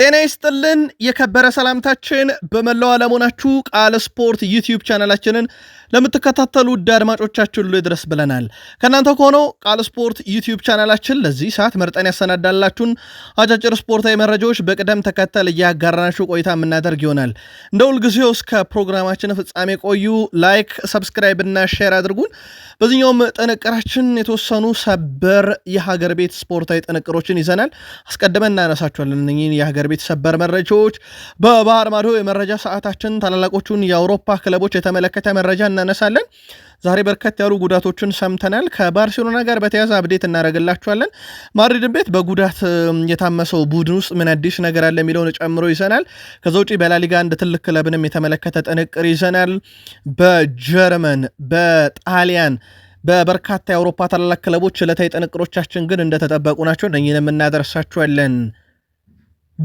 ጤና ይስጥልን የከበረ ሰላምታችን በመላው ዓለም ሆናችሁ ቃል ስፖርት ዩቲዩብ ቻናላችንን ለምትከታተሉ ውድ አድማጮቻችን ሁሉ ይድረስ ብለናል። ከእናንተ ከሆነው ቃል ስፖርት ዩቲዩብ ቻናላችን ለዚህ ሰዓት መርጠን ያሰናዳላችሁን አጫጭር ስፖርታዊ መረጃዎች በቅደም ተከተል እያጋራናችሁ ቆይታ የምናደርግ ይሆናል። እንደ ሁልጊዜው እስከ ፕሮግራማችን ፍጻሜ ቆዩ። ላይክ፣ ሰብስክራይብ እና ሼር አድርጉን። በዚህኛውም ጥንቅራችን የተወሰኑ ሰበር የሀገር ቤት ስፖርታዊ ጥንቅሮችን ይዘናል። አስቀድመን እናነሳቸዋለን። እ የሀገር ቤት ሰበር መረጃዎች በባህር ማዶ የመረጃ ሰዓታችን ታላላቆቹን የአውሮፓ ክለቦች የተመለከተ መረጃ እናነሳለን። ዛሬ በርከት ያሉ ጉዳቶችን ሰምተናል። ከባርሴሎና ጋር በተያዘ አብዴት እናደርግላችኋለን። ማድሪድን ቤት በጉዳት የታመሰው ቡድን ውስጥ ምን አዲስ ነገር አለ የሚለውን ጨምሮ ይዘናል። ከዛ ውጪ በላሊጋ አንድ ትልቅ ክለብንም የተመለከተ ጥንቅር ይዘናል። በጀርመን በጣሊያን በበርካታ የአውሮፓ ታላላቅ ክለቦች ዕለታዊ ጥንቅሮቻችን ግን እንደተጠበቁ ናቸው። እነኝን የምናደርሳችኋለን።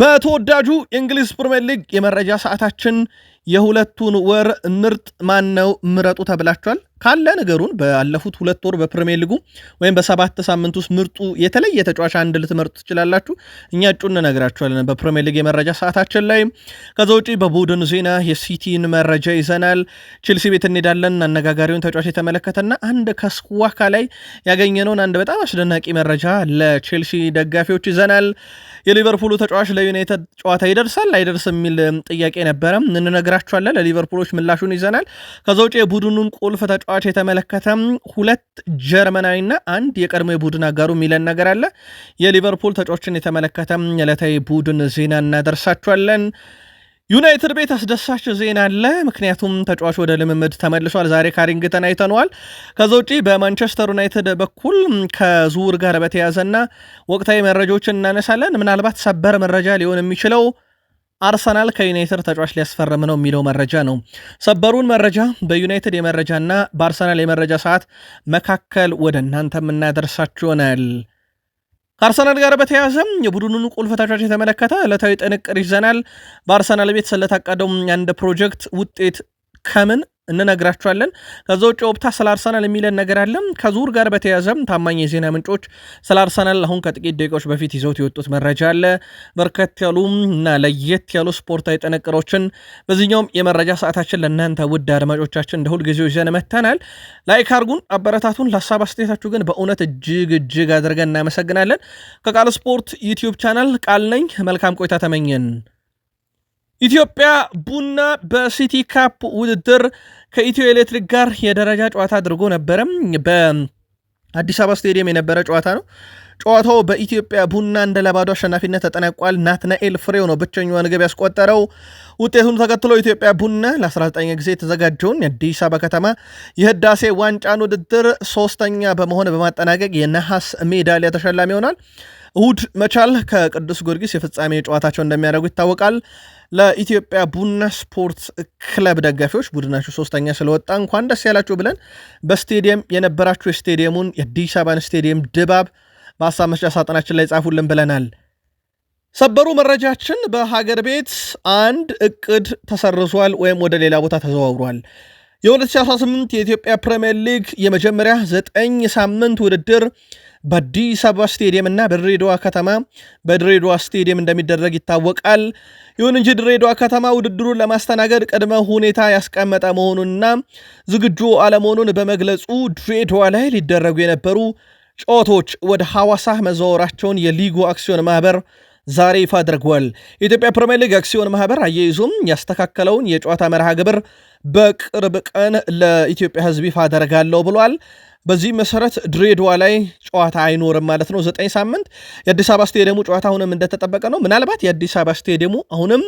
በተወዳጁ የእንግሊዝ ፕሪምየር ሊግ የመረጃ ሰዓታችን የሁለቱን ወር ምርጥ ማነው ምረጡ ተብላችኋል። ካለ ነገሩን ባለፉት ሁለት ወር በፕሪሚየር ሊጉ ወይም በሰባት ሳምንት ውስጥ ምርጡ የተለየ ተጫዋች አንድ ልትመርጡ ትችላላችሁ። እኛ እጩን እነግራችኋለን በፕሪሚየር ሊግ የመረጃ ሰዓታችን ላይ። ከዛ ውጪ በቡድን ዜና የሲቲን መረጃ ይዘናል። ቼልሲ ቤት እንሄዳለን። አነጋጋሪውን ተጫዋች የተመለከተና አንድ ከስዋካ ላይ ያገኘነውን አንድ በጣም አስደናቂ መረጃ ለቼልሲ ደጋፊዎች ይዘናል። የሊቨርፑሉ ተጫዋች ለዩናይትድ ጨዋታ ይደርሳል አይደርስ የሚል ጥያቄ ነበረ፣ እንነግራችኋለን። ለሊቨርፑሎች ምላሹን ይዘናል። ከዛ ውጭ የቡድኑን ቁልፍ ተጫዋች የተመለከተ ሁለት ጀርመናዊና አንድ የቀድሞ የቡድን አጋሩ የሚለን ነገር አለ። የሊቨርፑል ተጫዋችን የተመለከተ ዕለታዊ ቡድን ዜና እናደርሳችኋለን። ዩናይትድ ቤት አስደሳች ዜና አለ። ምክንያቱም ተጫዋች ወደ ልምምድ ተመልሷል። ዛሬ ካሪንግተን አይተነዋል። ከዛ ውጪ በማንቸስተር ዩናይትድ በኩል ከዝውውር ጋር በተያዘና ወቅታዊ መረጃዎችን እናነሳለን። ምናልባት ሰበር መረጃ ሊሆን የሚችለው አርሰናል ከዩናይትድ ተጫዋች ሊያስፈርም ነው የሚለው መረጃ ነው። ሰበሩን መረጃ በዩናይትድ የመረጃና በአርሰናል የመረጃ ሰዓት መካከል ወደ እናንተ የምናደርሳችሁ ይሆናል። ከአርሰናል ጋር በተያያዘም የቡድኑን ቁልፍ ተጫዋች የተመለከተ ዕለታዊ ጥንቅር ይዘናል። በአርሰናል ቤት ስለታቀደው አንድ ፕሮጀክት ውጤት ከምን እንነግራችኋለን። ከዛ ውጭ ኦፕታ ስለ አርሰናል የሚለን ነገር አለ። ከዙር ጋር በተያዘም ታማኝ የዜና ምንጮች ስለ አርሰናል አሁን ከጥቂት ደቂቃዎች በፊት ይዘውት የወጡት መረጃ አለ። በርከት ያሉ እና ለየት ያሉ ስፖርታዊ ጥንቅሮችን በዚህኛውም የመረጃ ሰዓታችን ለእናንተ ውድ አድማጮቻችን እንደ ሁልጊዜው ይዘን መተናል። ላይክ አርጉን፣ አበረታቱን። ለሀሳብ አስተያየታችሁ ግን በእውነት እጅግ እጅግ አድርገን እናመሰግናለን። ከቃል ስፖርት ዩቲዩብ ቻናል ቃል ነኝ። መልካም ቆይታ ተመኘን። ኢትዮጵያ ቡና በሲቲ ካፕ ውድድር ከኢትዮ ኤሌክትሪክ ጋር የደረጃ ጨዋታ አድርጎ ነበረም። በአዲስ አበባ ስቴዲየም የነበረ ጨዋታ ነው። ጨዋታው በኢትዮጵያ ቡና እንደ ለባዶ አሸናፊነት ተጠናቋል። ናትናኤል ፍሬው ነው ብቸኛዋን ግብ ያስቆጠረው። ውጤቱን ተከትሎ ኢትዮጵያ ቡና ለ 19 ጊዜ የተዘጋጀውን የአዲስ አበባ ከተማ የህዳሴ ዋንጫን ውድድር ሶስተኛ በመሆን በማጠናቀቅ የነሐስ ሜዳሊያ ተሸላሚ ይሆናል። እሁድ መቻል ከቅዱስ ጊዮርጊስ የፍጻሜ ጨዋታቸው እንደሚያደርጉ ይታወቃል። ለኢትዮጵያ ቡና ስፖርት ክለብ ደጋፊዎች ቡድናችሁ ሶስተኛ ስለወጣ እንኳን ደስ ያላችሁ ብለን በስቴዲየም የነበራችሁ የስቴዲየሙን የአዲስ አበባን ስቴዲየም ድባብ በሀሳብ መስጫ ሳጥናችን ላይ ጻፉልን ብለናል። ሰበሩ መረጃችን በሀገር ቤት አንድ እቅድ ተሰርዟል ወይም ወደ ሌላ ቦታ ተዘዋውሯል። የ2018 የኢትዮጵያ ፕሪምየር ሊግ የመጀመሪያ ዘጠኝ ሳምንት ውድድር በአዲስ አበባ ስቴዲየም እና በድሬዳዋ ከተማ በድሬዳዋ ስቴዲየም እንደሚደረግ ይታወቃል። ይሁን እንጂ ድሬዳዋ ከተማ ውድድሩን ለማስተናገድ ቅድመ ሁኔታ ያስቀመጠ መሆኑንና ዝግጁ አለመሆኑን በመግለጹ ድሬዳዋ ላይ ሊደረጉ የነበሩ ጨዋታዎች ወደ ሐዋሳ መዘወራቸውን የሊጉ አክሲዮን ማህበር ዛሬ ይፋ አድርጓል። የኢትዮጵያ ፕሪምየር ሊግ አክሲዮን ማህበር አያይዞም ያስተካከለውን የጨዋታ መርሃ ግብር በቅርብ ቀን ለኢትዮጵያ ሕዝብ ይፋ አደርጋለሁ ብሏል። በዚህ መሰረት ድሬዳዋ ላይ ጨዋታ አይኖርም ማለት ነው። ዘጠኝ ሳምንት የአዲስ አበባ ስቴዲየሙ ጨዋታ አሁንም እንደተጠበቀ ነው። ምናልባት የአዲስ አበባ ስቴዲየሙ አሁንም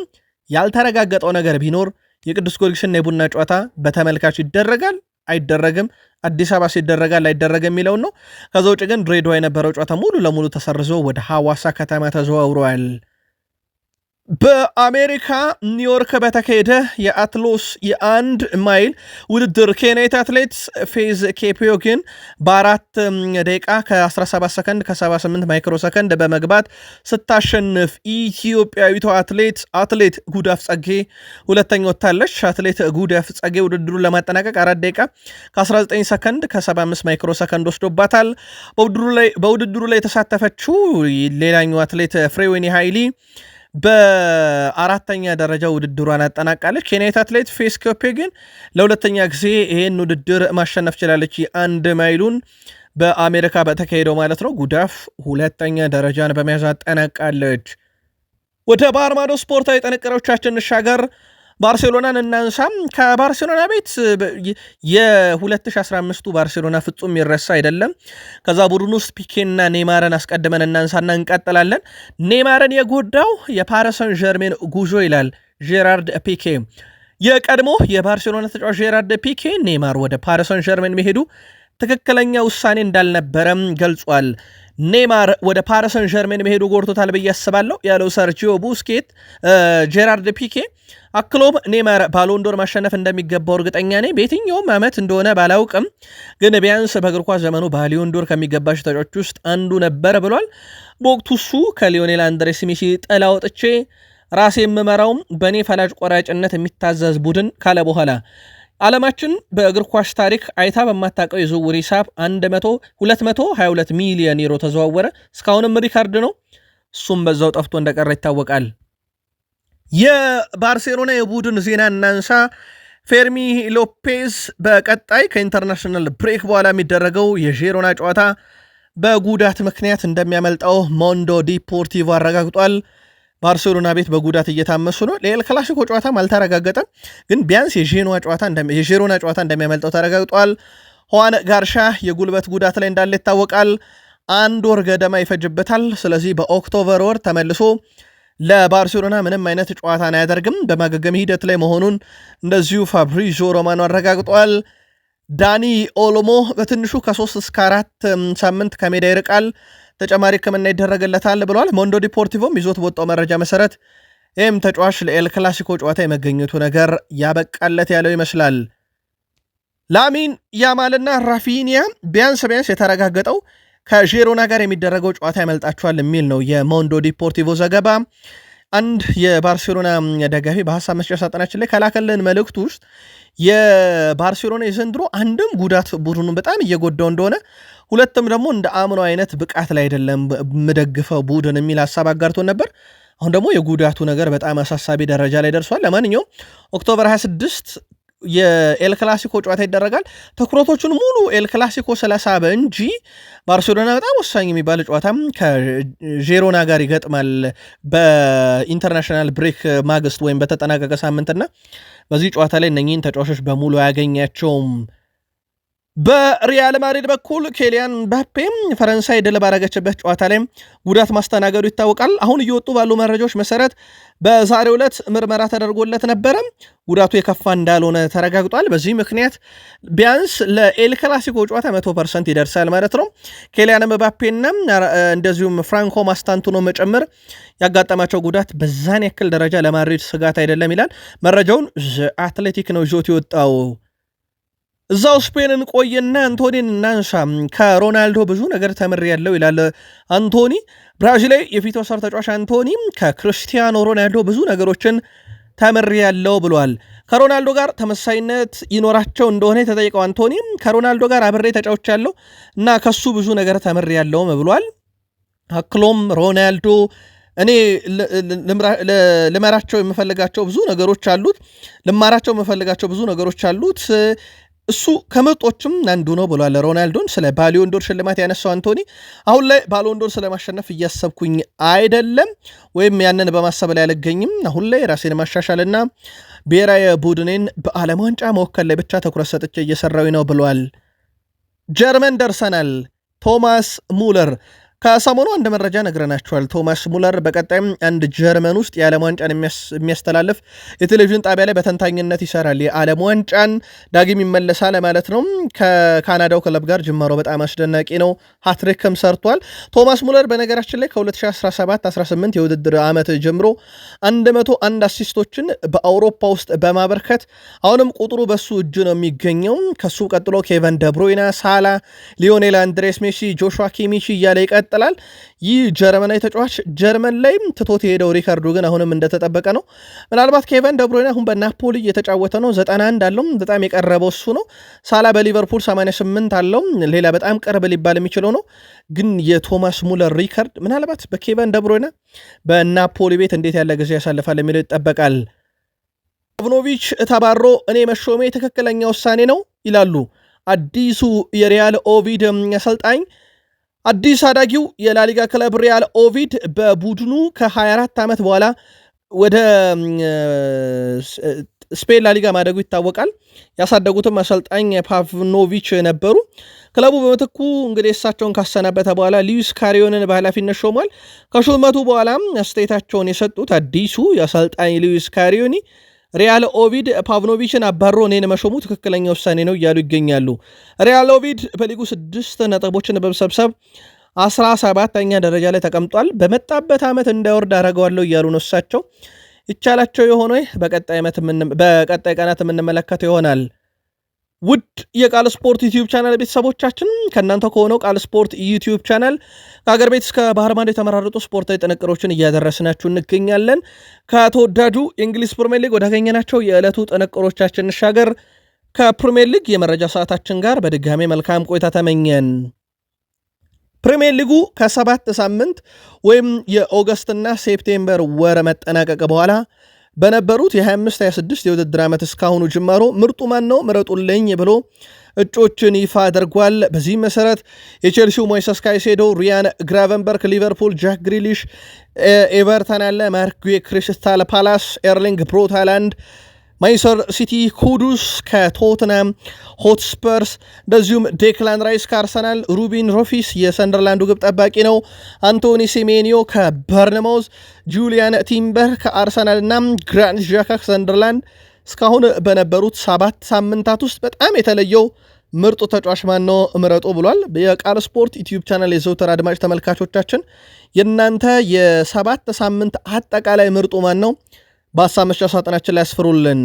ያልተረጋገጠው ነገር ቢኖር የቅዱስ ጊዮርጊስና የቡና ጨዋታ በተመልካች ይደረጋል አይደረግም፣ አዲስ አበባ ሲደረጋል አይደረግም የሚለውን ነው። ከዛ ውጭ ግን ድሬዳዋ የነበረው ጨዋታ ሙሉ ለሙሉ ተሰርዞ ወደ ሐዋሳ ከተማ ተዘዋውረዋል። በአሜሪካ ኒውዮርክ በተካሄደ የአትሎስ የአንድ ማይል ውድድር ኬንያዊት አትሌት ፌዝ ኬፒዮግን በአራት ደቂቃ ከ17 ሰከንድ ከ78 ማይክሮ ሰከንድ በመግባት ስታሸንፍ ኢትዮጵያዊቷ አትሌት አትሌት ጉዳፍ ጸጌ ሁለተኛ ወጥታለች። አትሌት ጉዳፍ ጸጌ ውድድሩን ለማጠናቀቅ አራት ደቂቃ ከ19 ሰከንድ ከ75 ማይክሮ ሰከንድ ወስዶባታል። በውድድሩ ላይ የተሳተፈችው ሌላኛው አትሌት ፍሬዌኒ ኃይሊ በአራተኛ ደረጃ ውድድሯን አጠናቃለች። ኬንያዊት አትሌት ፌስ ኮፔ ግን ለሁለተኛ ጊዜ ይህን ውድድር ማሸነፍ ችላለች። አንድ ማይሉን በአሜሪካ በተካሄደው ማለት ነው ጉዳፍ ሁለተኛ ደረጃን በመያዝ አጠናቃለች። ወደ ባህር ማዶ ስፖርታዊ ጥንቅሮቻችን እንሻገር። ባርሴሎናን እናንሳ። ከባርሴሎና ቤት የ2015ቱ ባርሴሎና ፍጹም ይረሳ አይደለም። ከዛ ቡድን ውስጥ ፒኬና ኔማርን አስቀድመን እናንሳና እንቀጥላለን። ኔማርን የጎዳው የፓረሰን ጀርሜን ጉዞ ይላል ጄራርድ ፒኬ። የቀድሞ የባርሴሎና ተጫዋች ጄራርድ ፒኬ ኔማር ወደ ፓረሰን ጀርሜን መሄዱ ትክክለኛ ውሳኔ እንዳልነበረም ገልጿል። ኔማር ወደ ፓሪሰን ጀርሜን መሄዱ ጎርቶታል ብዬ አስባለሁ ያለው ሰርጂዮ ቡስኬት ጄራርድ ፒኬ አክሎም ኔማር ባሎንዶር ማሸነፍ እንደሚገባው እርግጠኛ ነኝ። በየትኛውም ዓመት እንደሆነ ባላውቅም ግን ቢያንስ በእግር ኳስ ዘመኑ ባሊዮንዶር ከሚገባቸው ተጫዋቾች ውስጥ አንዱ ነበር ብሏል። በወቅቱ እሱ ከሊዮኔል አንድሬ ሜሲ ጥላ ወጥቼ ራሴ የምመራውም በእኔ ፈላጭ ቆራጭነት የሚታዘዝ ቡድን ካለ በኋላ ዓለማችን በእግር ኳስ ታሪክ አይታ በማታውቀው የዝውውር ሂሳብ 222 ሚሊዮን ዩሮ ተዘዋወረ። እስካሁንም ሪካርድ ነው። እሱም በዛው ጠፍቶ እንደቀረ ይታወቃል። የባርሴሎና የቡድን ዜና እናንሳ። ፌርሚ ሎፔዝ በቀጣይ ከኢንተርናሽናል ብሬክ በኋላ የሚደረገው የዤሮና ጨዋታ በጉዳት ምክንያት እንደሚያመልጠው ሞንዶ ዲፖርቲቮ አረጋግጧል። ባርሴሎና ቤት በጉዳት እየታመሱ ነው። ለኤል ክላሲኮ ጨዋታም አልተረጋገጠም፣ ግን ቢያንስ የዤሮና ጨዋታ እንደሚያመልጠው ተረጋግጧል። ሆዋን ጋርሻ የጉልበት ጉዳት ላይ እንዳለ ይታወቃል። አንድ ወር ገደማ ይፈጅበታል። ስለዚህ በኦክቶበር ወር ተመልሶ ለባርሴሎና ምንም አይነት ጨዋታን አያደርግም። በማገገም ሂደት ላይ መሆኑን እንደዚሁ ፋብሪዞ ሮማኖ አረጋግጧል። ዳኒ ኦሎሞ በትንሹ ከሶስት እስከ አራት ሳምንት ከሜዳ ይርቃል። ተጨማሪ ሕክምና ይደረግለታል ብለዋል። ሞንዶ ዲፖርቲቮም ይዞት በወጣው መረጃ መሰረት ይህም ተጫዋች ለኤል ክላሲኮ ጨዋታ የመገኘቱ ነገር ያበቃለት ያለው ይመስላል። ላሚን ያማልና ራፊኒያ ቢያንስ ቢያንስ የተረጋገጠው ከዢሮና ጋር የሚደረገው ጨዋታ ያመልጣቸዋል የሚል ነው የሞንዶ ዲፖርቲቮ ዘገባ። አንድ የባርሴሎና ደጋፊ በሀሳብ መስጫ ሳጥናችን ላይ ከላከልን መልእክት ውስጥ የባርሴሎና የዘንድሮ አንድም ጉዳት ቡድኑን በጣም እየጎዳው እንደሆነ፣ ሁለትም ደግሞ እንደ አምኖ አይነት ብቃት ላይ አይደለም የምደግፈው ቡድን የሚል ሀሳብ አጋርቶን ነበር። አሁን ደግሞ የጉዳቱ ነገር በጣም አሳሳቢ ደረጃ ላይ ደርሷል። ለማንኛውም ኦክቶበር 26 የኤል ክላሲኮ ጨዋታ ይደረጋል። ትኩረቶቹን ሙሉ ኤል ክላሲኮ ስለሳበ እንጂ ባርሴሎና በጣም ወሳኝ የሚባል ጨዋታም ከዤሮና ጋር ይገጥማል በኢንተርናሽናል ብሬክ ማግስት ወይም በተጠናቀቀ ሳምንትና በዚህ ጨዋታ ላይ እነኚህን ተጫዋቾች በሙሉ አያገኛቸውም። በሪያል ማድሪድ በኩል ኬሊያን ምባፔ ፈረንሳይ ድል ባረገችበት ጨዋታ ላይ ጉዳት ማስተናገዱ ይታወቃል። አሁን እየወጡ ባሉ መረጃዎች መሰረት በዛሬው ዕለት ምርመራ ተደርጎለት ነበረ። ጉዳቱ የከፋ እንዳልሆነ ተረጋግጧል። በዚህ ምክንያት ቢያንስ ለኤል ክላሲኮ ጨዋታ መቶ ፐርሰንት ይደርሳል ማለት ነው። ኬሊያን ምባፔና እንደዚሁም ፍራንኮ ማስታንቱኖ መጨምር ያጋጠማቸው ጉዳት በዛን ያክል ደረጃ ለማድሪድ ስጋት አይደለም ይላል መረጃውን አትሌቲክ ነው ይዞት የወጣው እዛው ስፔንን ቆየና አንቶኒን እናንሳ። ከሮናልዶ ብዙ ነገር ያለው ይላል አንቶኒ። ብራዚላዊ የፊት ወሳር ተጫዋች አንቶኒ ከክርስቲያኖ ሮናልዶ ብዙ ነገሮችን ያለው ብሏል። ከሮናልዶ ጋር ተመሳይነት ይኖራቸው እንደሆነ የተጠየቀው አንቶኒ ከሮናልዶ ጋር አብሬ ያለው እና ከሱ ብዙ ነገር ያለውም ብሏል። አክሎም ሮናልዶ እኔ ልመራቸው የምፈልጋቸው ብዙ ነገሮች አሉት ልማራቸው የምፈልጋቸው ብዙ ነገሮች አሉት እሱ ከምርጦችም አንዱ ነው ብሏል ሮናልዶን። ስለ ባሊዮንዶር ሽልማት ያነሳው አንቶኒ አሁን ላይ ባሊዮንዶር ስለማሸነፍ እያሰብኩኝ አይደለም ወይም ያንን በማሰብ ላይ አልገኝም። አሁን ላይ ራሴን ማሻሻልና ብሔራዊ ቡድኔን በዓለም ዋንጫ መወከል ላይ ብቻ ትኩረት ሰጥቼ እየሰራዊ ነው ብሏል። ጀርመን ደርሰናል። ቶማስ ሙለር ከሰሞኑ አንድ መረጃ ነግረናቸዋል። ቶማስ ሙለር በቀጣይም አንድ ጀርመን ውስጥ የዓለም ዋንጫን የሚያስተላልፍ የቴሌቪዥን ጣቢያ ላይ በተንታኝነት ይሰራል። የዓለም ዋንጫን ዳግም ይመለሳል ማለት ነው። ከካናዳው ክለብ ጋር ጅማሮ በጣም አስደናቂ ነው። ሀትሪክም ሰርቷል። ቶማስ ሙለር በነገራችን ላይ ከ2017/18 የውድድር ዓመት ጀምሮ 101 አሲስቶችን በአውሮፓ ውስጥ በማበርከት አሁንም ቁጥሩ በሱ እጅ ነው የሚገኘው። ከሱ ቀጥሎ ኬቨን ደብሮይና፣ ሳላ፣ ሊዮኔል አንድሬስ ሜሲ፣ ጆሹዋ ኪሚቺ እያለ ይቀጥ ይቀጥላል። ይህ ጀርመናዊ ተጫዋች ጀርመን ላይም ትቶት የሄደው ሪካርዶ ግን አሁንም እንደተጠበቀ ነው። ምናልባት ኬቨን ደብሮይን አሁን በናፖሊ እየተጫወተ ነው። 91 አለው። በጣም የቀረበው እሱ ነው። ሳላ በሊቨርፑል 88 አለው። ሌላ በጣም ቅርብ ሊባል የሚችለው ነው። ግን የቶማስ ሙለር ሪካርድ ምናልባት በኬቨን ደብሮይነ በናፖሊ ቤት እንዴት ያለ ጊዜ ያሳልፋል የሚለው ይጠበቃል። አብኖቪች ተባሮ እኔ መሾሜ ትክክለኛ ውሳኔ ነው ይላሉ አዲሱ የሪያል ኦቪድ አሰልጣኝ። አዲስ አዳጊው የላሊጋ ክለብ ሪያል ኦቪድ በቡድኑ ከ24 ዓመት በኋላ ወደ ስፔን ላሊጋ ማደጉ ይታወቃል። ያሳደጉትም አሰልጣኝ ፓቭኖቪች ነበሩ። ክለቡ በምትኩ እንግዲህ እሳቸውን ካሰናበተ በኋላ ሊዩስ ካሪዮንን በኃላፊነት ሾሟል። ከሹመቱ በኋላም አስተያየታቸውን የሰጡት አዲሱ የአሰልጣኝ ሊዩስ ካሪዮኒ ሪያል ኦቪድ ፓቭኖቪችን አባሮ እኔን መሾሙ ትክክለኛ ውሳኔ ነው እያሉ ይገኛሉ። ሪያል ኦቪድ በሊጉ ስድስት ነጥቦችን በመሰብሰብ አስራ ሰባተኛ ደረጃ ላይ ተቀምጧል። በመጣበት ዓመት እንዳይወርድ አደረገዋለሁ እያሉ ነው እሳቸው። ይቻላቸው የሆነ በቀጣይ ቀናት የምንመለከተው ይሆናል። ውድ የቃል ስፖርት ዩቲዩብ ቻናል ቤተሰቦቻችን ከእናንተ ከሆነው ቃል ስፖርት ዩቲዩብ ቻናል ከሀገር ቤት እስከ ባህር ማዶ የተመራረጡ ስፖርታዊ ጥንቅሮችን እያደረስናችሁ እንገኛለን። ከተወዳጁ የእንግሊዝ ፕሪሚየር ሊግ ወዳገኘናቸው የዕለቱ ጥንቅሮቻችን እንሻገር። ከፕሪሚየር ሊግ የመረጃ ሰዓታችን ጋር በድጋሜ መልካም ቆይታ ተመኘን። ፕሪሚየር ሊጉ ከሰባት ሳምንት ወይም የኦገስትና ሴፕቴምበር ወር መጠናቀቅ በኋላ በነበሩት የ 26 የውድድር ዓመት እስካሁኑ ጅማሮ ምርጡ ማን ነው ምረጡልኝ ብሎ እጮችን ይፋ አድርጓል። በዚህ መሰረት የቼልሲው ሞይሰስ ካይሴዶ፣ ሪያን ግራቨንበርክ፣ ሊቨርፑል ጃክ ግሪሊሽ፣ ኤቨርተን ያለ ማርክ ክሪስታል ፓላስ፣ ኤርሊንግ ብሮታላንድ ማንቸስተር ሲቲ ኩዱስ ከቶትናም ሆትስፐርስ እንደዚሁም ዴክላን ራይስ ከአርሰናል፣ ሩቢን ሮፊስ የሰንደርላንዱ ግብ ጠባቂ ነው። አንቶኒ ሴሜኒዮ ከበርነማውዝ፣ ጁሊያን ቲምበር ከአርሰናል እና ግራንት ዣካ ከሰንደርላንድ እስካሁን በነበሩት ሰባት ሳምንታት ውስጥ በጣም የተለየው ምርጡ ተጫዋች ማነው ምረጡ ብሏል። የቃል ስፖርት ዩቲዩብ ቻናል የዘውተር አድማጭ ተመልካቾቻችን የእናንተ የሰባት ሳምንት አጠቃላይ ምርጡ ማን ነው በሀሳብ መስጫ ሳጥናችን ላይ ያስፍሩልን።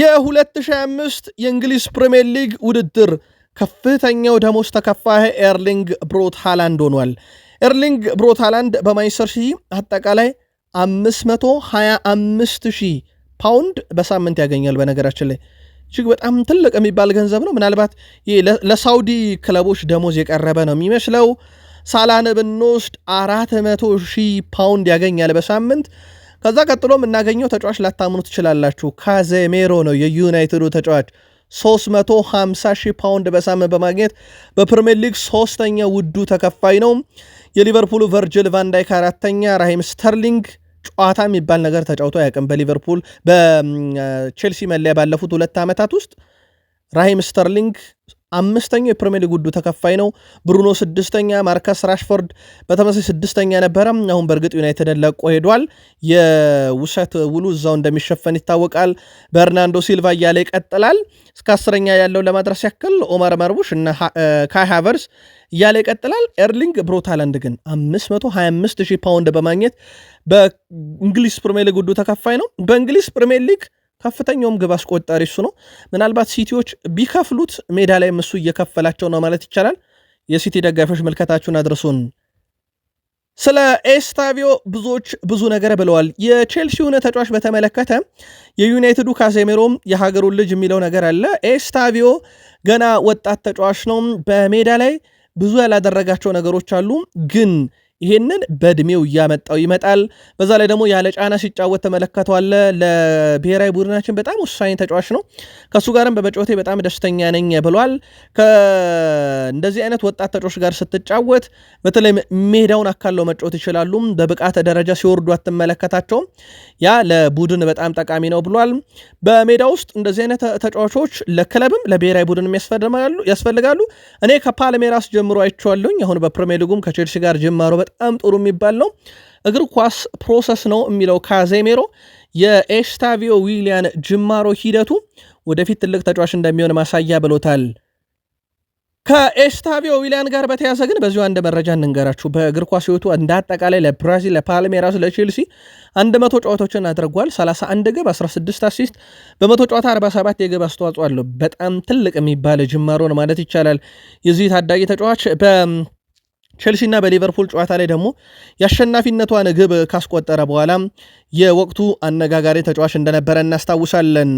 የ2025 የእንግሊዝ ፕሪምየር ሊግ ውድድር ከፍተኛው ደሞዝ ተከፋይ ኤርሊንግ ብሮት ሃላንድ ሆኗል። ኤርሊንግ ብሮት ሃላንድ በማንችስተር ሲቲ አጠቃላይ 525 ሺህ ፓውንድ በሳምንት ያገኛል። በነገራችን ላይ እጅግ በጣም ትልቅ የሚባል ገንዘብ ነው። ምናልባት ለሳውዲ ክለቦች ደሞዝ የቀረበ ነው የሚመስለው። ሳላን ብንወስድ 400 ሺህ ፓውንድ ያገኛል በሳምንት ከዛ ቀጥሎ የምናገኘው ተጫዋች ላታምኑ ትችላላችሁ፣ ካዜሜሮ ነው የዩናይትዱ ተጫዋች 350 ሺህ ፓውንድ በሳምንት በማግኘት በፕሪምየር ሊግ ሶስተኛ ውዱ ተከፋይ ነው። የሊቨርፑሉ ቨርጅል ቫንዳይክ አራተኛ፣ ራሂም ስተርሊንግ ጨዋታ የሚባል ነገር ተጫውቶ አያውቅም በሊቨርፑል በቼልሲ መለያ ባለፉት ሁለት ዓመታት ውስጥ ራሂም ስተርሊንግ አምስተኛው የፕሪሚየር ሊግ ውዱ ተከፋይ ነው። ብሩኖ ስድስተኛ፣ ማርከስ ራሽፎርድ በተመሳሳይ ስድስተኛ ነበረ። አሁን በእርግጥ ዩናይትድን ለቆ ሄዷል። የውሰት ውሉ እዛው እንደሚሸፈን ይታወቃል። በርናንዶ ሲልቫ እያለ ይቀጥላል። እስከ አስረኛ ያለው ለማድረስ ያክል ኦማር መርቡሽ እና ካይ ሃቨርስ እያለ ይቀጥላል። ኤርሊንግ ብሮታላንድ ግን 525 ሺህ ፓውንድ በማግኘት በእንግሊዝ ፕሪሚየር ሊግ ውዱ ተከፋይ ነው። በእንግሊዝ ፕሪሚየር ሊግ ከፍተኛውም ግብ አስቆጣሪ እሱ ነው። ምናልባት ሲቲዎች ቢከፍሉት ሜዳ ላይም እሱ እየከፈላቸው ነው ማለት ይቻላል። የሲቲ ደጋፊዎች መልከታችሁን አድርሱን። ስለ ኤስታቪዮ ብዙዎች ብዙ ነገር ብለዋል። የቼልሲውን ተጫዋች በተመለከተ የዩናይትዱ ካዜሜሮም የሀገሩን ልጅ የሚለው ነገር አለ። ኤስታቪዮ ገና ወጣት ተጫዋች ነው። በሜዳ ላይ ብዙ ያላደረጋቸው ነገሮች አሉ ግን ይህንን በእድሜው እያመጣው ይመጣል። በዛ ላይ ደግሞ ያለ ጫና ሲጫወት ተመለከተዋለ። ለብሔራዊ ቡድናችን በጣም ወሳኝ ተጫዋች ነው። ከእሱ ጋርም በመጫወቴ በጣም ደስተኛ ነኝ ብሏል። እንደዚህ አይነት ወጣት ተጫዋች ጋር ስትጫወት በተለይ ሜዳውን አካለው መጫወት ይችላሉ። በብቃት ደረጃ ሲወርዱ አትመለከታቸውም። ያ ለቡድን በጣም ጠቃሚ ነው ብሏል። በሜዳ ውስጥ እንደዚህ አይነት ተጫዋቾች ለክለብም ለብሔራዊ ቡድን ያስፈልጋሉ። እኔ ከፓልሜራስ ጀምሮ አይቼዋለሁኝ። አሁን በፕሪሚየር ሊጉም ከቼልሲ ጋር ጅማሮ በጣም ጥሩ የሚባል ነው። እግር ኳስ ፕሮሰስ ነው የሚለው ካዜሜሮ የኤስታቪዮ ዊሊያን ጅማሮ ሂደቱ ወደፊት ትልቅ ተጫዋች እንደሚሆን ማሳያ ብሎታል። ከኤስታቪዮ ዊሊያን ጋር በተያዘ ግን በዚሁ አንድ መረጃ እንንገራችሁ። በእግር ኳስ ህይወቱ እንደ አጠቃላይ ለብራዚል፣ ለፓልሜራስ፣ ለቼልሲ 100 ጨዋታዎችን አድርጓል። 31 ግብ፣ 16 አሲስት፣ በመቶ ጨዋታ 47 የግብ አስተዋጽኦ አለው። በጣም ትልቅ የሚባል ጅማሮን ማለት ይቻላል። የዚህ ታዳጊ ተጫዋች በ ቼልሲና በሊቨርፑል ጨዋታ ላይ ደግሞ የአሸናፊነቷን ግብ ካስቆጠረ በኋላ የወቅቱ አነጋጋሪ ተጫዋች እንደነበረ እናስታውሳለን።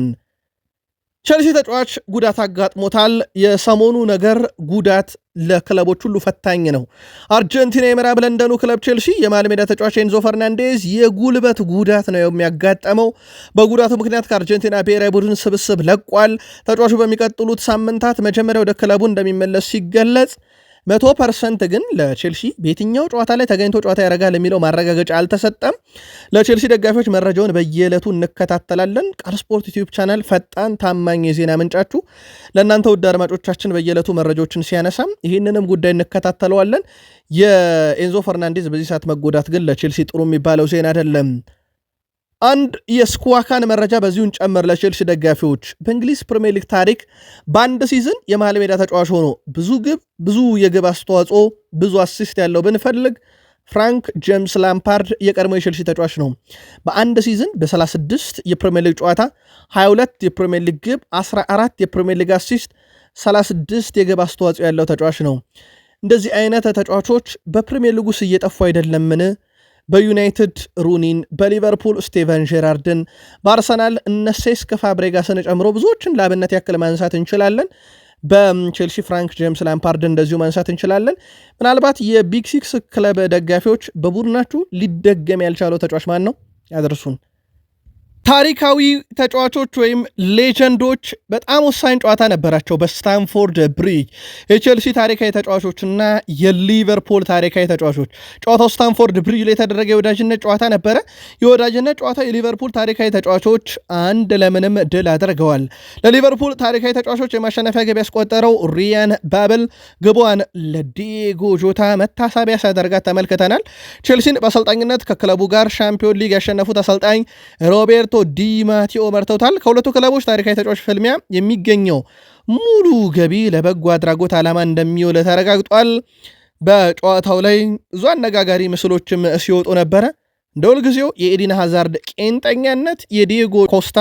ቼልሲ ተጫዋች ጉዳት አጋጥሞታል። የሰሞኑ ነገር ጉዳት ለክለቦች ሁሉ ፈታኝ ነው። አርጀንቲና የምዕራብ ለንደኑ ክለብ ቼልሲ የመሃል ሜዳ ተጫዋች ኤንዞ ፈርናንዴዝ የጉልበት ጉዳት ነው የሚያጋጠመው። በጉዳቱ ምክንያት ከአርጀንቲና ብሔራዊ ቡድን ስብስብ ለቋል። ተጫዋቹ በሚቀጥሉት ሳምንታት መጀመሪያ ወደ ክለቡ እንደሚመለስ ሲገለጽ መቶ ፐርሰንት ግን ለቼልሲ በየትኛው ጨዋታ ላይ ተገኝቶ ጨዋታ ያደርጋል የሚለው ማረጋገጫ አልተሰጠም። ለቼልሲ ደጋፊዎች መረጃውን በየዕለቱ እንከታተላለን። ቃል ስፖርት ዩቲዩብ ቻናል ፈጣን ታማኝ የዜና ምንጫችሁ ለእናንተ ውድ አድማጮቻችን በየዕለቱ መረጃዎችን ሲያነሳም ይህንንም ጉዳይ እንከታተለዋለን። የኤንዞ ፈርናንዴዝ በዚህ ሰዓት መጎዳት ግን ለቼልሲ ጥሩ የሚባለው ዜና አይደለም። አንድ የስኩዋካን መረጃ በዚሁን ጨምር ለቼልሲ ደጋፊዎች በእንግሊዝ ፕሪምየር ሊግ ታሪክ በአንድ ሲዝን የመሃል ሜዳ ተጫዋች ሆኖ ብዙ ግብ፣ ብዙ የግብ አስተዋጽኦ፣ ብዙ አሲስት ያለው ብንፈልግ ፍራንክ ጄምስ ላምፓርድ የቀድሞ የቼልሲ ተጫዋች ነው። በአንድ ሲዝን በ36 የፕሪምየር ሊግ ጨዋታ 22 የፕሪምየር ሊግ ግብ፣ 14 የፕሪምየር ሊግ አሲስት፣ 36 የግብ አስተዋጽኦ ያለው ተጫዋች ነው። እንደዚህ አይነት ተጫዋቾች በፕሪምየር ሊጉስ እየጠፉ አይደለምን? በዩናይትድ ሩኒን፣ በሊቨርፑል ስቴቨን ጄራርድን፣ በአርሰናል እነ ሴስክ ፋብሬጋስን ጨምሮ ብዙዎችን ለአብነት ያክል ማንሳት እንችላለን። በቼልሲ ፍራንክ ጄምስ ላምፓርድ እንደዚሁ ማንሳት እንችላለን። ምናልባት የቢግ ሲክስ ክለብ ደጋፊዎች በቡድናችሁ ሊደገም ያልቻለው ተጫዋች ማን ነው? ያደርሱን። ታሪካዊ ተጫዋቾች ወይም ሌጀንዶች በጣም ወሳኝ ጨዋታ ነበራቸው በስታንፎርድ ብሪጅ። የቼልሲ ታሪካዊ ተጫዋቾችና የሊቨርፑል ታሪካዊ ተጫዋቾች ጨዋታው ስታንፎርድ ብሪጅ ላይ የተደረገ የወዳጅነት ጨዋታ ነበረ። የወዳጅነት ጨዋታ የሊቨርፑል ታሪካዊ ተጫዋቾች አንድ ለምንም ድል አድርገዋል። ለሊቨርፑል ታሪካዊ ተጫዋቾች የማሸነፊያ ግብ ያስቆጠረው ሪያን ባብል ግቧን ለዲጎ ጆታ መታሰቢያ ሲያደርጋት ተመልክተናል። ቼልሲን በአሰልጣኝነት ከክለቡ ጋር ሻምፒዮን ሊግ ያሸነፉት አሰልጣኝ ሮቤርቶ ሮቤርቶ ዲማቲኦ መርተውታል። ከሁለቱ ክለቦች ታሪካዊ ተጫዋች ፍልሚያ የሚገኘው ሙሉ ገቢ ለበጎ አድራጎት ዓላማ እንደሚውል ተረጋግጧል። በጨዋታው ላይ ብዙ አነጋጋሪ ምስሎችም ሲወጡ ነበረ። እንደ ሁልጊዜው የኤዲን ሃዛርድ ቄንጠኛነት፣ የዲየጎ ኮስታ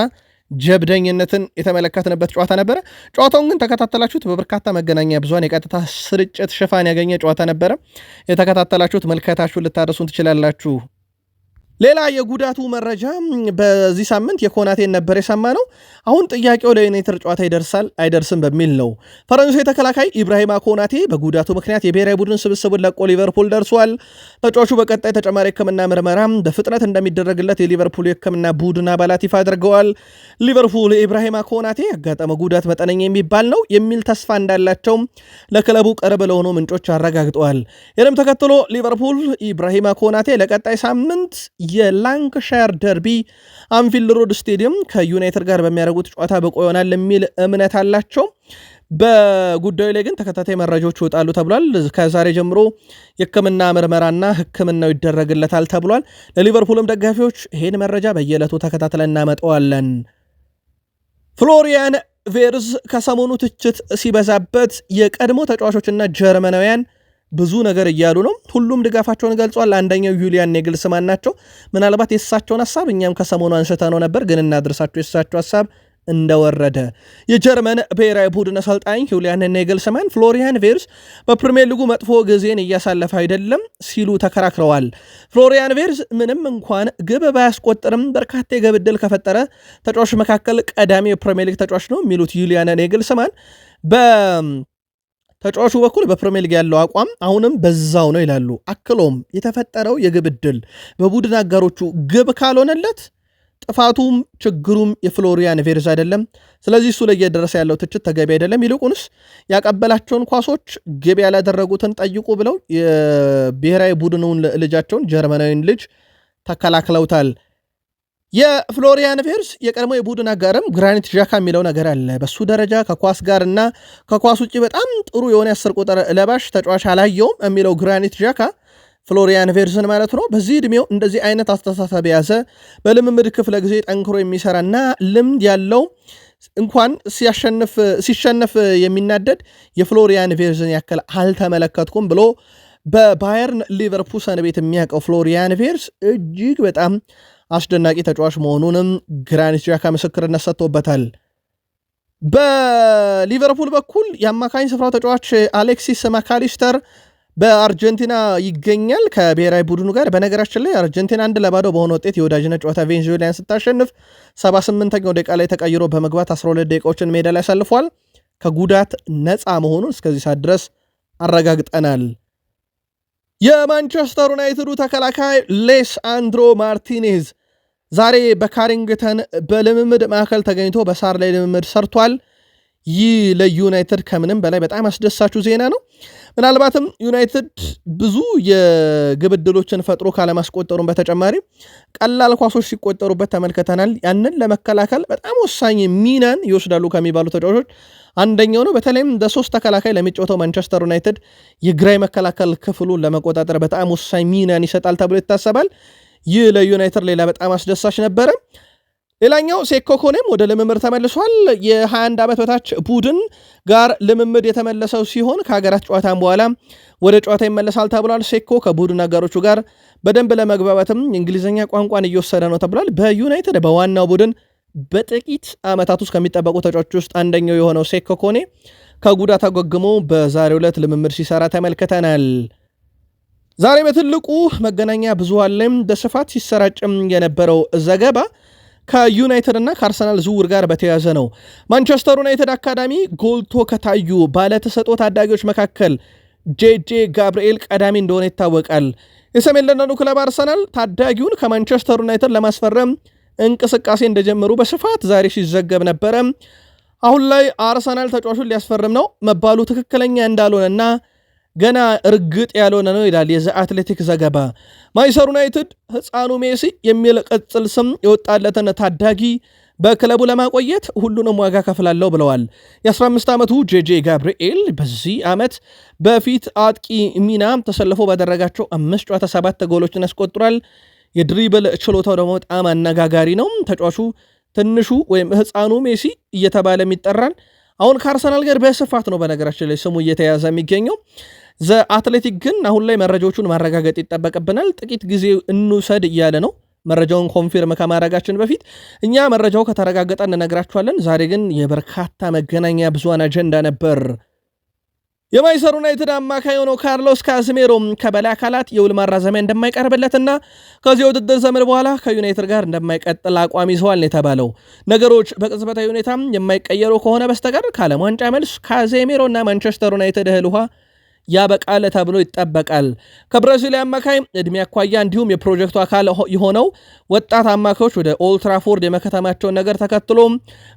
ጀብደኝነትን የተመለከትንበት ጨዋታ ነበረ። ጨዋታውን ግን ተከታተላችሁት? በበርካታ መገናኛ ብዙሃን የቀጥታ ስርጭት ሽፋን ያገኘ ጨዋታ ነበረ። የተከታተላችሁት መልከታችሁን ልታደርሱን ትችላላችሁ። ሌላ የጉዳቱ መረጃ በዚህ ሳምንት የኮናቴን ነበር የሰማ ነው። አሁን ጥያቄው ለዩናይትድ ጨዋታ ይደርሳል አይደርስም በሚል ነው። ፈረንሳዊ ተከላካይ ኢብራሂማ ኮናቴ በጉዳቱ ምክንያት የብሔራዊ ቡድን ስብስቡን ለቆ ሊቨርፑል ደርሷል። ተጫዋቹ በቀጣይ ተጨማሪ ሕክምና ምርመራ በፍጥነት እንደሚደረግለት የሊቨርፑል የሕክምና ቡድን አባላት ይፋ አድርገዋል። ሊቨርፑል የኢብራሂማ ኮናቴ ያጋጠመው ጉዳት መጠነኛ የሚባል ነው የሚል ተስፋ እንዳላቸው ለክለቡ ቅርብ ለሆኑ ምንጮች አረጋግጠዋል። ይህንም ተከትሎ ሊቨርፑል ኢብራሂማ ኮናቴ ለቀጣይ ሳምንት የላንክሻየር ደርቢ አንፊልድ ሮድ ስቴዲየም ከዩናይትድ ጋር በሚያደርጉት ጨዋታ በቆ ይሆናል የሚል እምነት አላቸው። በጉዳዩ ላይ ግን ተከታታይ መረጃዎች ይወጣሉ ተብሏል። ከዛሬ ጀምሮ የሕክምና ምርመራና ሕክምናው ይደረግለታል ተብሏል። ለሊቨርፑልም ደጋፊዎች ይህን መረጃ በየዕለቱ ተከታትለን እናመጠዋለን። ፍሎሪያን ቬርዝ ከሰሞኑ ትችት ሲበዛበት የቀድሞ ተጫዋቾችና ጀርመናውያን ብዙ ነገር እያሉ ነው። ሁሉም ድጋፋቸውን ገልጿል። አንደኛው ዩሊያን ኔግልስማን ናቸው። ምናልባት የእሳቸውን ሀሳብ እኛም ከሰሞኑ አንስተ ነው ነበር፣ ግን እናድርሳቸው የእሳቸው ሀሳብ እንደወረደ የጀርመን ብሔራዊ ቡድን አሰልጣኝ ዩሊያን ኔግልስማን ፍሎሪያን ቬርስ በፕሪምየር ሊጉ መጥፎ ጊዜን እያሳለፈ አይደለም ሲሉ ተከራክረዋል። ፍሎሪያን ቬርስ ምንም እንኳን ግብ ባያስቆጠርም በርካታ የግብ ዕድል ከፈጠረ ተጫዋች መካከል ቀዳሚ የፕሪምየር ሊግ ተጫዋች ነው የሚሉት ዩሊያን ኔግልስማን በ ተጫዋቹ በኩል በፕሪሚየር ሊግ ያለው አቋም አሁንም በዛው ነው ይላሉ። አክሎም የተፈጠረው የግብ ዕድል በቡድን አጋሮቹ ግብ ካልሆነለት ጥፋቱም ችግሩም የፍሎሪያን ቬርዝ አይደለም። ስለዚህ እሱ ላይ እየደረሰ ያለው ትችት ተገቢ አይደለም። ይልቁንስ ያቀበላቸውን ኳሶች ግብ ያላደረጉትን ጠይቁ ብለው የብሔራዊ ቡድኑን ልጃቸውን ጀርመናዊን ልጅ ተከላክለውታል። የፍሎሪያን ቬርስ የቀድሞ የቡድን አጋርም ግራኒት ዣካ የሚለው ነገር አለ። በሱ ደረጃ ከኳስ ጋር እና ከኳስ ውጭ በጣም ጥሩ የሆነ የአስር ቁጥር ለባሽ ተጫዋች አላየውም የሚለው ግራኒት ዣካ ፍሎሪያን ቬርስን ማለት ነው። በዚህ ዕድሜው እንደዚህ አይነት አስተሳሰብ የያዘ በልምምድ ክፍለ ጊዜ ጠንክሮ የሚሰራና ልምድ ያለው እንኳን ሲሸነፍ የሚናደድ የፍሎሪያን ቬርስን ያክል አልተመለከትኩም ብሎ በባየርን ሊቨርፑሰን ቤት የሚያውቀው ፍሎሪያን ቬርስ እጅግ በጣም አስደናቂ ተጫዋች መሆኑንም ግራኒት ጃካ ምስክርነት ሰጥቶበታል። በሊቨርፑል በኩል የአማካኝ ስፍራው ተጫዋች አሌክሲስ ማካሊስተር በአርጀንቲና ይገኛል ከብሔራዊ ቡድኑ ጋር። በነገራችን ላይ አርጀንቲና አንድ ለባዶ በሆነ ውጤት የወዳጅነት ጨዋታ ቬንዙዌላን ስታሸንፍ 78ኛው ደቂቃ ላይ ተቀይሮ በመግባት 12 ደቂቃዎችን ሜዳ ላይ አሳልፏል። ከጉዳት ነፃ መሆኑን እስከዚህ ሰዓት ድረስ አረጋግጠናል። የማንቸስተር ዩናይትዱ ተከላካይ ሌስ አንድሮ ማርቲኔዝ ዛሬ በካሪንግተን በልምምድ ማዕከል ተገኝቶ በሳር ላይ ልምምድ ሰርቷል። ይህ ለዩናይትድ ከምንም በላይ በጣም አስደሳችሁ ዜና ነው። ምናልባትም ዩናይትድ ብዙ የግብ ዕድሎችን ፈጥሮ ካለማስቆጠሩም በተጨማሪ ቀላል ኳሶች ሲቆጠሩበት ተመልክተናል። ያንን ለመከላከል በጣም ወሳኝ ሚናን ይወስዳሉ ከሚባሉ ተጫዋቾች አንደኛው ነው። በተለይም በሶስት ተከላካይ ለሚጫወተው ማንቸስተር ዩናይትድ የግራ መከላከል ክፍሉን ለመቆጣጠር በጣም ወሳኝ ሚናን ይሰጣል ተብሎ ይታሰባል። ይህ ለዩናይትድ ሌላ በጣም አስደሳች ነበረ። ሌላኛው ሴኮ ኮኔም ወደ ልምምድ ተመልሷል። የ21 ዓመት በታች ቡድን ጋር ልምምድ የተመለሰው ሲሆን ከሀገራት ጨዋታም በኋላ ወደ ጨዋታ ይመለሳል ተብሏል። ሴኮ ከቡድን አጋሮቹ ጋር በደንብ ለመግባባትም እንግሊዝኛ ቋንቋን እየወሰደ ነው ተብሏል። በዩናይትድ በዋናው ቡድን በጥቂት ዓመታት ውስጥ ከሚጠበቁ ተጫዋቾች ውስጥ አንደኛው የሆነው ሴኮ ኮኔ ከጉዳት አገግሞ በዛሬው ዕለት ልምምድ ሲሰራ ተመልክተናል። ዛሬ በትልቁ መገናኛ ብዙሃን ላይም በስፋት ሲሰራጭም የነበረው ዘገባ ከዩናይትድ እና ከአርሰናል ዝውውር ጋር በተያያዘ ነው። ማንቸስተር ዩናይትድ አካዳሚ ጎልቶ ከታዩ ባለተሰጦ ታዳጊዎች መካከል ጄጄ ጋብርኤል ቀዳሚ እንደሆነ ይታወቃል። የሰሜን ለንደኑ ክለብ አርሰናል ታዳጊውን ከማንቸስተር ዩናይትድ ለማስፈረም እንቅስቃሴ እንደጀመሩ በስፋት ዛሬ ሲዘገብ ነበረ። አሁን ላይ አርሰናል ተጫዋቹን ሊያስፈርም ነው መባሉ ትክክለኛ እንዳልሆነና ገና እርግጥ ያልሆነ ነው ይላል የዘ አትሌቲክ ዘገባ። ማንችስተር ዩናይትድ ሕፃኑ ሜሲ የሚል ቅጽል ስም የወጣለትን ታዳጊ በክለቡ ለማቆየት ሁሉንም ዋጋ ከፍላለሁ ብለዋል። የ15 ዓመቱ ጄጄ ጋብርኤል በዚህ ዓመት በፊት አጥቂ ሚና ተሰልፎ ባደረጋቸው አምስት ጨዋታ ሰባት ጎሎችን ያስቆጥሯል። የድሪብል ችሎታው ደግሞ በጣም አነጋጋሪ ነው። ተጫዋቹ ትንሹ ወይም ህፃኑ ሜሲ እየተባለም ይጠራል። አሁን ከአርሰናል ጋር በስፋት ነው በነገራችን ላይ ስሙ እየተያዘ የሚገኘው። ዘ አትሌቲክ ግን አሁን ላይ መረጃዎቹን ማረጋገጥ ይጠበቅብናል፣ ጥቂት ጊዜ እንውሰድ እያለ ነው። መረጃውን ኮንፊርም ከማድረጋችን በፊት እኛ መረጃው ከተረጋገጠ እንነግራችኋለን። ዛሬ ግን የበርካታ መገናኛ ብዙሃን አጀንዳ ነበር። የማይሰር ዩናይትድ አማካይ የሆነው ካርሎስ ካዝሜሮ ከበላይ አካላት የውል ማራዘሚያ እንደማይቀርብለትና ከዚህ ውድድር ዘመን በኋላ ከዩናይትድ ጋር እንደማይቀጥል አቋም ይዘዋል ነው የተባለው። ነገሮች በቅጽበታዊ ሁኔታ የማይቀየሩ ከሆነ በስተቀር ከዓለም ዋንጫ መልስ ካዜሜሮና ማንቸስተር ዩናይትድ እህል ውሃ ያበቃል ተብሎ ይጠበቃል። ከብራዚል አማካይ እድሜ አኳያ እንዲሁም የፕሮጀክቱ አካል የሆነው ወጣት አማካዮች ወደ ኦልትራፎርድ የመከተማቸውን ነገር ተከትሎ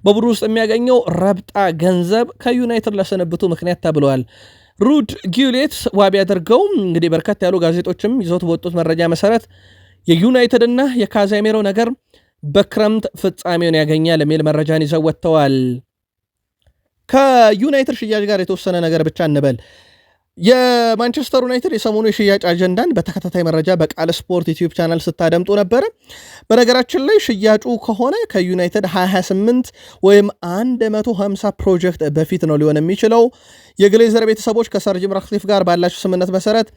በቡድን ውስጥ የሚያገኘው ረብጣ ገንዘብ ከዩናይትድ ለስንብቱ ምክንያት ተብለዋል። ሩድ ጊውሌት ዋቢ አድርገው እንግዲህ በርከት ያሉ ጋዜጦችም ይዘውት በወጡት መረጃ መሰረት የዩናይትድ እና የካዛሜሮ ነገር በክረምት ፍጻሜውን ያገኛል የሚል መረጃን ይዘው ወጥተዋል። ከዩናይትድ ሽያጭ ጋር የተወሰነ ነገር ብቻ እንበል። የማንቸስተር ዩናይትድ የሰሞኑ የሽያጭ አጀንዳን በተከታታይ መረጃ በቃል ስፖርት ዩቲዩብ ቻናል ስታደምጡ ነበረ። በነገራችን ላይ ሽያጩ ከሆነ ከዩናይትድ 28 ወይም 150 ፕሮጀክት በፊት ነው ሊሆን የሚችለው። የግሌዘር ቤተሰቦች ከሰር ጂም ራትክሊፍ ጋር ባላቸው ስምነት መሰረት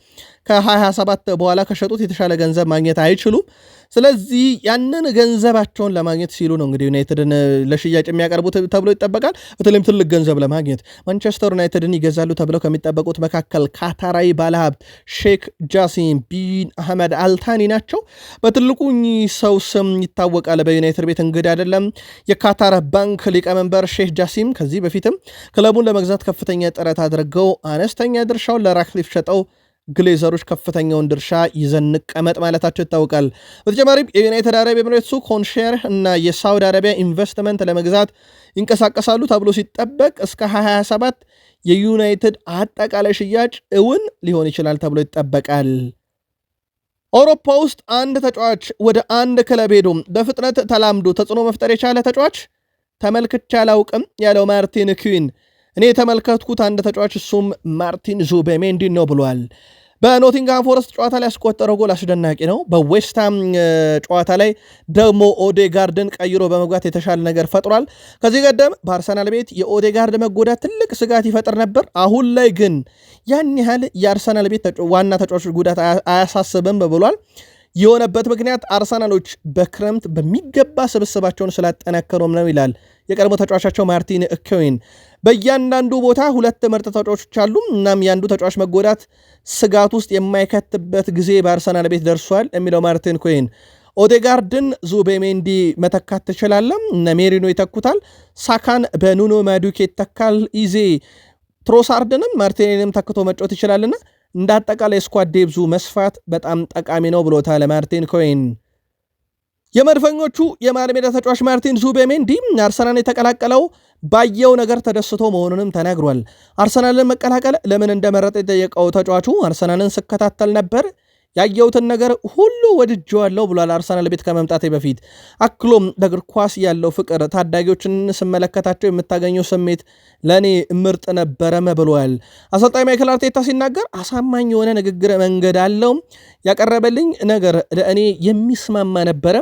ከ 27 በኋላ ከሸጡት የተሻለ ገንዘብ ማግኘት አይችሉም። ስለዚህ ያንን ገንዘባቸውን ለማግኘት ሲሉ ነው እንግዲህ ዩናይትድን ለሽያጭ የሚያቀርቡት ተብሎ ይጠበቃል። በተለይም ትልቅ ገንዘብ ለማግኘት ማንቸስተር ዩናይትድን ይገዛሉ ተብለው ከሚጠበቁት መካከል ካታራዊ ባለሀብት ሼክ ጃሲም ቢን አህመድ አልታኒ ናቸው። በትልቁ ሰው ስም ይታወቃል። በዩናይትድ ቤት እንግዳ አይደለም። የካታር ባንክ ሊቀመንበር ሼህ ጃሲም ከዚህ በፊትም ክለቡን ለመግዛት ከፍተኛ ጥረት አድርገው አነስተኛ ድርሻውን ለራክሊፍ ሸጠው ግሌዘሮች ከፍተኛውን ድርሻ ይዘን እንቀመጥ ማለታቸው ይታወቃል። በተጨማሪም የዩናይትድ አረብ ኤምሬትሱ ኮንሼር እና የሳውዲ አረቢያ ኢንቨስትመንት ለመግዛት ይንቀሳቀሳሉ ተብሎ ሲጠበቅ እስከ 27 የዩናይትድ አጠቃላይ ሽያጭ እውን ሊሆን ይችላል ተብሎ ይጠበቃል። አውሮፓ ውስጥ አንድ ተጫዋች ወደ አንድ ክለብ ሄዶ በፍጥነት ተላምዶ ተጽዕኖ መፍጠር የቻለ ተጫዋች ተመልክቼ አላውቅም ያለው ማርቲን ኩዊን፣ እኔ የተመለከትኩት አንድ ተጫዋች እሱም ማርቲን ዙቤሜንዲን ነው ብሏል። በኖቲንግሃም ፎረስት ጨዋታ ላይ ያስቆጠረው ጎል አስደናቂ ነው። በዌስትሃም ጨዋታ ላይ ደግሞ ኦዴጋርድን ቀይሮ በመግባት የተሻለ ነገር ፈጥሯል። ከዚህ ቀደም በአርሰናል ቤት የኦዴጋርድ መጎዳት ትልቅ ስጋት ይፈጥር ነበር። አሁን ላይ ግን ያን ያህል የአርሰናል ቤት ዋና ተጫዋቾች ጉዳት አያሳስብም ብሏል። የሆነበት ምክንያት አርሰናሎች በክረምት በሚገባ ስብስባቸውን ስላጠናከሩም ነው ይላል የቀድሞ ተጫዋቻቸው ማርቲን እኮዌን። በእያንዳንዱ ቦታ ሁለት ምርጥ ተጫዋቾች አሉ። እናም ያንዱ ተጫዋች መጎዳት ስጋት ውስጥ የማይከትበት ጊዜ በአርሰናል ቤት ደርሷል የሚለው ማርቲን ኮይን ኦዴጋርድን ዙቤሜንዲ መተካት ትችላለም። እነ ሜሪኖ ይተኩታል። ሳካን በኑኖ ማዱኬ ይተካል። ኢዜ ትሮሳርድንም ማርቲኔንም ተክቶ መጫወት ይችላልና እንደ አጠቃላይ ስኳድ ዴብዙ መስፋት በጣም ጠቃሚ ነው ብሎታል ማርቲን ኮይን። የመድፈኞቹ የመሃል ሜዳ ተጫዋች ማርቲን ዙቤሜንዲ አርሰናል የተቀላቀለው ባየው ነገር ተደስቶ መሆኑንም ተናግሯል። አርሰናልን መቀላቀል ለምን እንደመረጠ የጠየቀው ተጫዋቹ አርሰናልን ስከታተል ነበር ያየሁትን ነገር ሁሉ ወድጄዋለሁ ብሏል። አርሰናል ቤት ከመምጣቴ በፊት አክሎም በእግር ኳስ ያለው ፍቅር፣ ታዳጊዎችን ስመለከታቸው የምታገኘው ስሜት ለእኔ ምርጥ ነበረመ ብሏል። አሰልጣኝ ማይክል አርቴታ ሲናገር አሳማኝ የሆነ ንግግር መንገድ አለው። ያቀረበልኝ ነገር ለእኔ የሚስማማ ነበረ።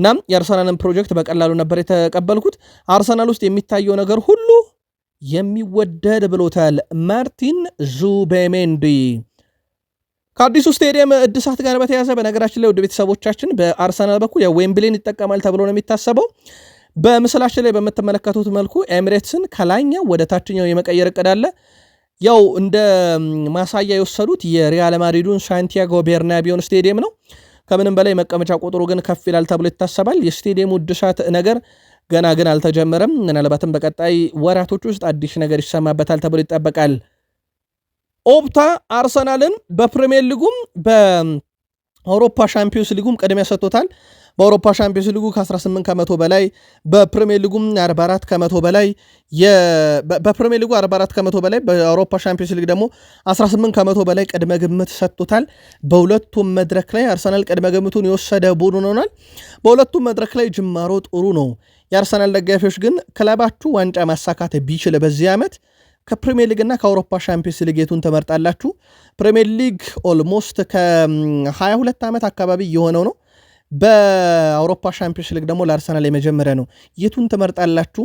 እናም የአርሰናልን ፕሮጀክት በቀላሉ ነበር የተቀበልኩት። አርሰናል ውስጥ የሚታየው ነገር ሁሉ የሚወደድ ብሎታል ማርቲን ዙቤሜንዲ። ከአዲሱ ስቴዲየም እድሳት ጋር በተያዘ በነገራችን ላይ ውድ ቤተሰቦቻችን በአርሰናል በኩል የዌምብሌን ይጠቀማል ተብሎ ነው የሚታሰበው። በምስላችን ላይ በምትመለከቱት መልኩ ኤሚሬትስን ከላይኛው ወደ ታችኛው የመቀየር እቅድ አለ። ያው እንደ ማሳያ የወሰዱት የሪያል ማድሪዱን ሳንቲያጎ ቤርናቢዮን ስቴዲየም ነው። ከምንም በላይ መቀመጫ ቁጥሩ ግን ከፍ ይላል ተብሎ ይታሰባል። የስቴዲየሙ እድሳት ነገር ገና ግን አልተጀመረም። ምናልባትም በቀጣይ ወራቶች ውስጥ አዲስ ነገር ይሰማበታል ተብሎ ይጠበቃል። ኦፕታ አርሰናልን በፕሪሚየር ሊጉም በአውሮፓ ሻምፒዮንስ ሊጉም ቅድሚያ ሰጥቶታል። በአውሮፓ ሻምፒዮንስ ሊጉ ከ18 ከመቶ በላይ በፕሪሚየር ሊጉም 44 ከመቶ በላይ በፕሪሚየር ሊጉ 44 ከመቶ በላይ በአውሮፓ ሻምፒዮንስ ሊግ ደግሞ 18 ከመቶ በላይ ቅድመ ግምት ሰጥቶታል። በሁለቱም መድረክ ላይ አርሰናል ቅድመ ግምቱን የወሰደ ቡድን ሆኗል። በሁለቱም መድረክ ላይ ጅማሮ ጥሩ ነው። የአርሰናል ደጋፊዎች ግን ክለባችሁ ዋንጫ ማሳካት ቢችል በዚህ ዓመት ከፕሪሚየር ሊግ እና ከአውሮፓ ሻምፒዮንስ ሊግ የቱን ተመርጣላችሁ? ፕሪሚየር ሊግ ኦልሞስት ከ22 ዓመት አካባቢ የሆነው ነው። በአውሮፓ ሻምፒዮንስ ሊግ ደግሞ ለአርሰናል የመጀመሪያ ነው። የቱን ትመርጣላችሁ?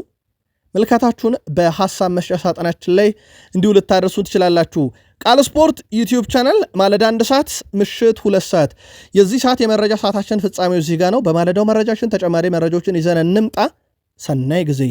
ምልከታችሁን በሀሳብ መስጫ ሳጥናችን ላይ እንዲሁ ልታደርሱ ትችላላችሁ። ቃል ስፖርት ዩቲዩብ ቻናል ማለዳ አንድ ሰዓት ምሽት ሁለት ሰዓት የዚህ ሰዓት የመረጃ ሰዓታችን ፍጻሜው እዚህ ጋ ነው። በማለዳው መረጃችን ተጨማሪ መረጃዎችን ይዘን እንምጣ። ሰናይ ጊዜ